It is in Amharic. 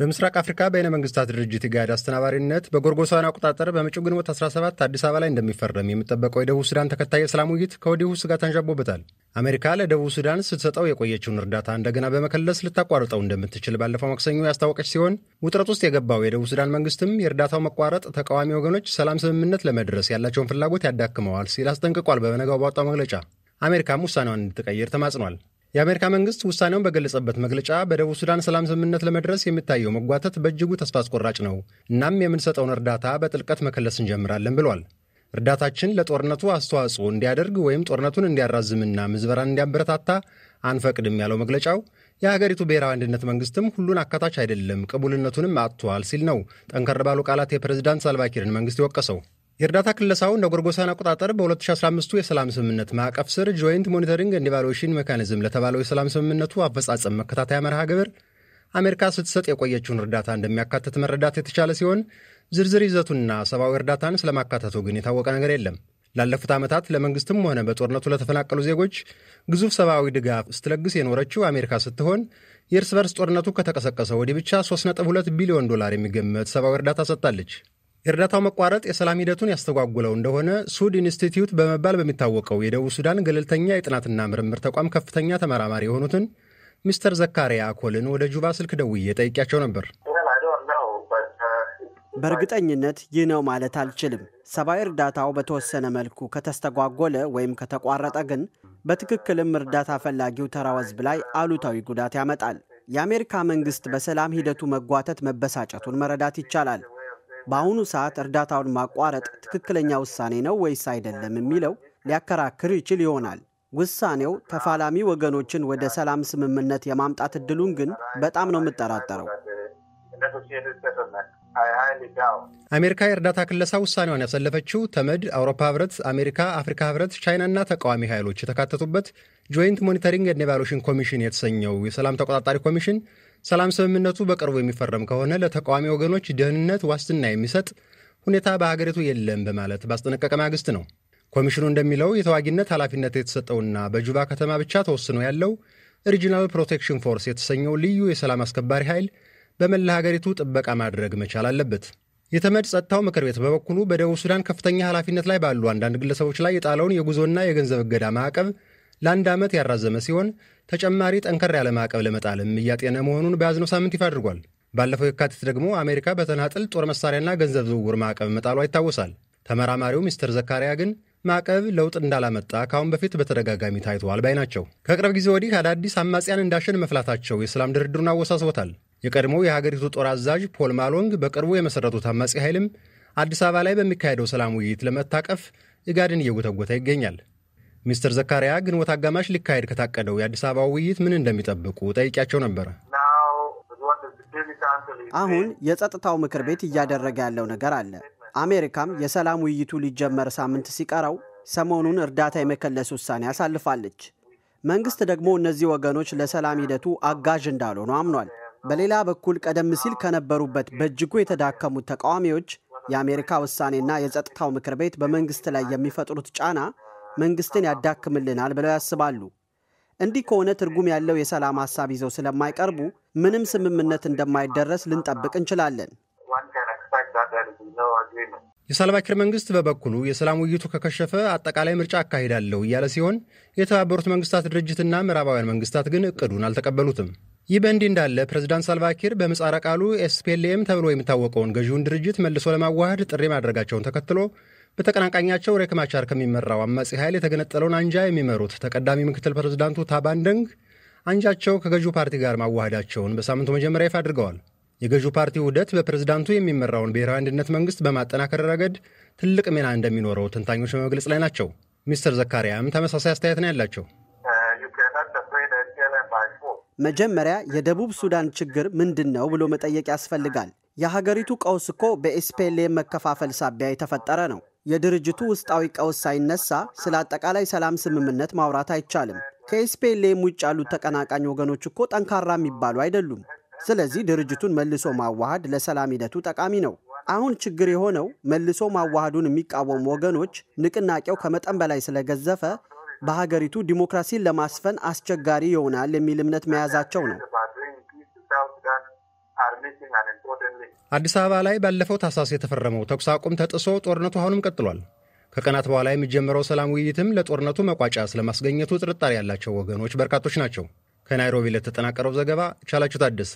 በምስራቅ አፍሪካ በይነ መንግስታት ድርጅት ኢጋድ አስተናባሪነት በጎርጎሳውያን አቆጣጠር በመጪው ግንቦት 17 አዲስ አበባ ላይ እንደሚፈረም የሚጠበቀው የደቡብ ሱዳን ተከታይ የሰላም ውይይት ከወዲሁ ስጋት አንዣቦበታል። አሜሪካ ለደቡብ ሱዳን ስትሰጠው የቆየችውን እርዳታ እንደገና በመከለስ ልታቋርጠው እንደምትችል ባለፈው ማክሰኞ ያስታወቀች ሲሆን ውጥረት ውስጥ የገባው የደቡብ ሱዳን መንግስትም የእርዳታው መቋረጥ ተቃዋሚ ወገኖች ሰላም ስምምነት ለመድረስ ያላቸውን ፍላጎት ያዳክመዋል ሲል አስጠንቅቋል። በበነጋው ባወጣው መግለጫ አሜሪካም ውሳኔዋን እንድትቀይር ተማጽኗል። የአሜሪካ መንግስት ውሳኔውን በገለጸበት መግለጫ በደቡብ ሱዳን ሰላም ስምምነት ለመድረስ የሚታየው መጓተት በእጅጉ ተስፋ አስቆራጭ ነው፣ እናም የምንሰጠውን እርዳታ በጥልቀት መከለስ እንጀምራለን ብሏል። እርዳታችን ለጦርነቱ አስተዋጽኦ እንዲያደርግ ወይም ጦርነቱን እንዲያራዝምና ምዝበራን እንዲያበረታታ አንፈቅድም ያለው መግለጫው የሀገሪቱ ብሔራዊ አንድነት መንግስትም ሁሉን አካታች አይደለም፣ ቅቡልነቱንም አጥቷል ሲል ነው ጠንከር ባሉ ቃላት የፕሬዝዳንት ሳልቫኪርን መንግስት የወቀሰው። የእርዳታ ክለሳው እንደ አቆጣጠር በ 2015 የሰላም ስምምነት ማዕቀፍ ስር ጆይንት ሞኒተሪንግ ኤንድ ኢቫሉዌሽን ሜካኒዝም ለተባለው የሰላም ስምምነቱ አፈጻጸም መከታተያ መርሃ ግብር አሜሪካ ስትሰጥ የቆየችውን እርዳታ እንደሚያካትት መረዳት የተቻለ ሲሆን ዝርዝር ይዘቱና ሰብአዊ እርዳታን ስለማካተቱ ግን የታወቀ ነገር የለም። ላለፉት ዓመታት ለመንግስትም ሆነ በጦርነቱ ለተፈናቀሉ ዜጎች ግዙፍ ሰብአዊ ድጋፍ ስትለግስ የኖረችው አሜሪካ ስትሆን የእርስ በርስ ጦርነቱ ከተቀሰቀሰ ወዲህ ብቻ 3.2 ቢሊዮን ዶላር የሚገመት ሰብአዊ እርዳታ ሰጥታለች። የእርዳታው መቋረጥ የሰላም ሂደቱን ያስተጓጉለው እንደሆነ ሱድ ኢንስቲትዩት በመባል በሚታወቀው የደቡብ ሱዳን ገለልተኛ የጥናትና ምርምር ተቋም ከፍተኛ ተመራማሪ የሆኑትን ሚስተር ዘካሪያ አኮልን ወደ ጁባ ስልክ ደውዬ ጠይቂያቸው ነበር። በእርግጠኝነት ይህ ነው ማለት አልችልም። ሰብአዊ እርዳታው በተወሰነ መልኩ ከተስተጓጎለ ወይም ከተቋረጠ ግን በትክክልም እርዳታ ፈላጊው ተራው ሕዝብ ላይ አሉታዊ ጉዳት ያመጣል። የአሜሪካ መንግሥት በሰላም ሂደቱ መጓተት መበሳጨቱን መረዳት ይቻላል። በአሁኑ ሰዓት እርዳታውን ማቋረጥ ትክክለኛ ውሳኔ ነው ወይስ አይደለም የሚለው ሊያከራክር ይችል ይሆናል። ውሳኔው ተፋላሚ ወገኖችን ወደ ሰላም ስምምነት የማምጣት እድሉን ግን በጣም ነው የምጠራጠረው። አሜሪካ የእርዳታ ክለሳ ውሳኔዋን ያሳለፈችው ተመድ፣ አውሮፓ ህብረት፣ አሜሪካ፣ አፍሪካ ህብረት፣ ቻይናና ተቃዋሚ ኃይሎች የተካተቱበት ጆይንት ሞኒተሪንግ ኤንድ ኮሚሽን የተሰኘው የሰላም ተቆጣጣሪ ኮሚሽን ሰላም ስምምነቱ በቅርቡ የሚፈረም ከሆነ ለተቃዋሚ ወገኖች ደህንነት ዋስትና የሚሰጥ ሁኔታ በሀገሪቱ የለም በማለት ባስጠነቀቀ ማግስት ነው። ኮሚሽኑ እንደሚለው የተዋጊነት ኃላፊነት የተሰጠውና በጁባ ከተማ ብቻ ተወስኖ ያለው ሪጂናል ፕሮቴክሽን ፎርስ የተሰኘው ልዩ የሰላም አስከባሪ ኃይል በመላ ሀገሪቱ ጥበቃ ማድረግ መቻል አለበት። የተመድ ጸጥታው ምክር ቤት በበኩሉ በደቡብ ሱዳን ከፍተኛ ኃላፊነት ላይ ባሉ አንዳንድ ግለሰቦች ላይ የጣለውን የጉዞና የገንዘብ እገዳ ማዕቀብ ለአንድ ዓመት ያራዘመ ሲሆን ተጨማሪ ጠንከር ያለ ማዕቀብ ለመጣልም እያጤነ መሆኑን በያዝነው ሳምንት ይፋ አድርጓል። ባለፈው የካቲት ደግሞ አሜሪካ በተናጥል ጦር መሳሪያና ገንዘብ ዝውውር ማዕቀብ መጣሏ ይታወሳል። ተመራማሪው ሚስተር ዘካሪያ ግን ማዕቀብ ለውጥ እንዳላመጣ ከአሁን በፊት በተደጋጋሚ ታይተዋል ባይ ናቸው። ከቅርብ ጊዜ ወዲህ አዳዲስ አማጽያን እንዳሸን መፍላታቸው የሰላም ድርድሩን አወሳስቦታል። የቀድሞው የሀገሪቱ ጦር አዛዥ ፖል ማሎንግ በቅርቡ የመሠረቱት አማጺ ኃይልም አዲስ አበባ ላይ በሚካሄደው ሰላም ውይይት ለመታቀፍ እጋድን እየጎተጎተ ይገኛል። ሚስተር ዘካሪያ ግንቦት አጋማሽ ሊካሄድ ከታቀደው የአዲስ አበባ ውይይት ምን እንደሚጠብቁ ጠይቂያቸው ነበረ። አሁን የጸጥታው ምክር ቤት እያደረገ ያለው ነገር አለ። አሜሪካም የሰላም ውይይቱ ሊጀመር ሳምንት ሲቀረው ሰሞኑን እርዳታ የመከለስ ውሳኔ አሳልፋለች። መንግስት ደግሞ እነዚህ ወገኖች ለሰላም ሂደቱ አጋዥ እንዳልሆኑ አምኗል። በሌላ በኩል ቀደም ሲል ከነበሩበት በእጅጉ የተዳከሙት ተቃዋሚዎች የአሜሪካ ውሳኔና የጸጥታው ምክር ቤት በመንግስት ላይ የሚፈጥሩት ጫና መንግስትን ያዳክምልናል ብለው ያስባሉ። እንዲህ ከሆነ ትርጉም ያለው የሰላም ሀሳብ ይዘው ስለማይቀርቡ ምንም ስምምነት እንደማይደረስ ልንጠብቅ እንችላለን። የሳልቫኪር መንግስት በበኩሉ የሰላም ውይይቱ ከከሸፈ አጠቃላይ ምርጫ አካሂዳለሁ እያለ ሲሆን የተባበሩት መንግስታት ድርጅትና ምዕራባውያን መንግስታት ግን እቅዱን አልተቀበሉትም። ይህ በእንዲህ እንዳለ ፕሬዚዳንት ሳልቫኪር በምጻረ ቃሉ ኤስፒኤልኤም ተብሎ የሚታወቀውን ገዢውን ድርጅት መልሶ ለማዋሃድ ጥሪ ማድረጋቸውን ተከትሎ በተቀናቃኛቸው ሬክማቻር ከሚመራው አማጺ ኃይል የተገነጠለውን አንጃ የሚመሩት ተቀዳሚ ምክትል ፕሬዝዳንቱ ታባንደንግ አንጃቸው ከገዢው ፓርቲ ጋር ማዋሃዳቸውን በሳምንቱ መጀመሪያ ይፋ አድርገዋል። የገዢው ፓርቲ ውህደት በፕሬዝዳንቱ የሚመራውን ብሔራዊ አንድነት መንግሥት በማጠናከር ረገድ ትልቅ ሚና እንደሚኖረው ተንታኞች በመግለጽ ላይ ናቸው። ሚስተር ዘካሪያም ተመሳሳይ አስተያየት ነው ያላቸው። መጀመሪያ የደቡብ ሱዳን ችግር ምንድን ነው ብሎ መጠየቅ ያስፈልጋል። የሀገሪቱ ቀውስ እኮ በኤስፔሌ መከፋፈል ሳቢያ የተፈጠረ ነው። የድርጅቱ ውስጣዊ ቀውስ ሳይነሳ ስለ አጠቃላይ ሰላም ስምምነት ማውራት አይቻልም። ከኤስፒኤልኤም ውጭ ያሉት ተቀናቃኝ ወገኖች እኮ ጠንካራ የሚባሉ አይደሉም። ስለዚህ ድርጅቱን መልሶ ማዋሃድ ለሰላም ሂደቱ ጠቃሚ ነው። አሁን ችግር የሆነው መልሶ ማዋሃዱን የሚቃወሙ ወገኖች ንቅናቄው ከመጠን በላይ ስለገዘፈ በሀገሪቱ ዲሞክራሲን ለማስፈን አስቸጋሪ ይሆናል የሚል እምነት መያዛቸው ነው። አዲስ አበባ ላይ ባለፈው ታህሳስ የተፈረመው ተኩስ አቁም ተጥሶ ጦርነቱ አሁንም ቀጥሏል። ከቀናት በኋላ የሚጀምረው ሰላም ውይይትም ለጦርነቱ መቋጫ ስለማስገኘቱ ጥርጣሬ ያላቸው ወገኖች በርካቶች ናቸው። ከናይሮቢ ለተጠናቀረው ዘገባ ቻላችሁ ታደሰ